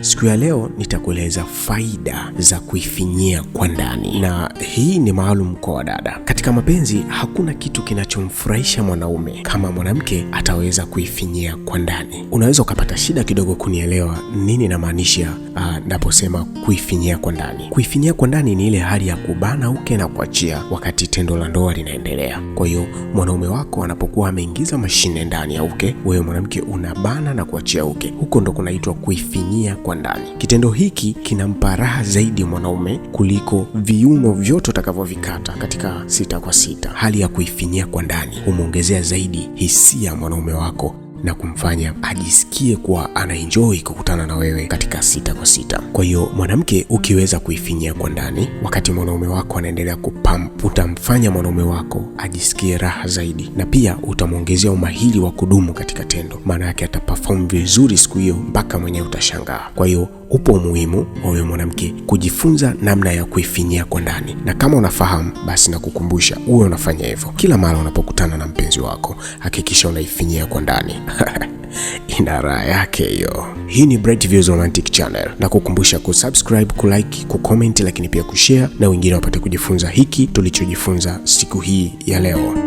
Siku ya leo nitakueleza faida za kuifinyia kwa ndani, na hii ni maalum kwa wadada. Katika mapenzi, hakuna kitu kinachomfurahisha mwanaume kama mwanamke ataweza kuifinyia kwa ndani. Unaweza ukapata shida kidogo kunielewa nini namaanisha ah, naposema kuifinyia kwa ndani. Kuifinyia kwa ndani ni ile hali ya kubana uke na kuachia wakati tendo la ndoa linaendelea. Kwa hiyo mwanaume wako anapokuwa ameingiza mashine ndani ya uke, wewe mwanamke unabana na kuachia uke, huko ndo kunaitwa kuifinyia kwa kwa ndani. Kitendo hiki kinampa raha zaidi mwanaume kuliko viuno vyote utakavyovikata katika sita kwa sita. Hali ya kuifinyia kwa ndani humwongezea zaidi hisia mwanaume wako na kumfanya ajisikie kuwa anaenjoy kukutana na wewe katika sita kwa sita. Kwa hiyo mwanamke, ukiweza kuifinyia kwa ndani wakati mwanaume wako anaendelea kupamp, utamfanya mwanaume wako ajisikie raha zaidi, na pia utamwongezea umahiri wa kudumu katika tendo, maana yake ataperform vizuri siku hiyo mpaka mwenyewe utashangaa. Kwa hiyo upo umuhimu wa huyo mwanamke kujifunza namna ya kuifinyia kwa ndani, na kama unafahamu basi nakukumbusha uwe unafanya hivyo kila mara unapokutana na mpenzi wako, hakikisha unaifinyia kwa ndani ina raha yake hiyo. Hii ni Bright Views Romantic Channel, na kukumbusha kusubscribe, kulike, kucomment, lakini pia kushare na wengine wapate kujifunza hiki tulichojifunza siku hii ya leo.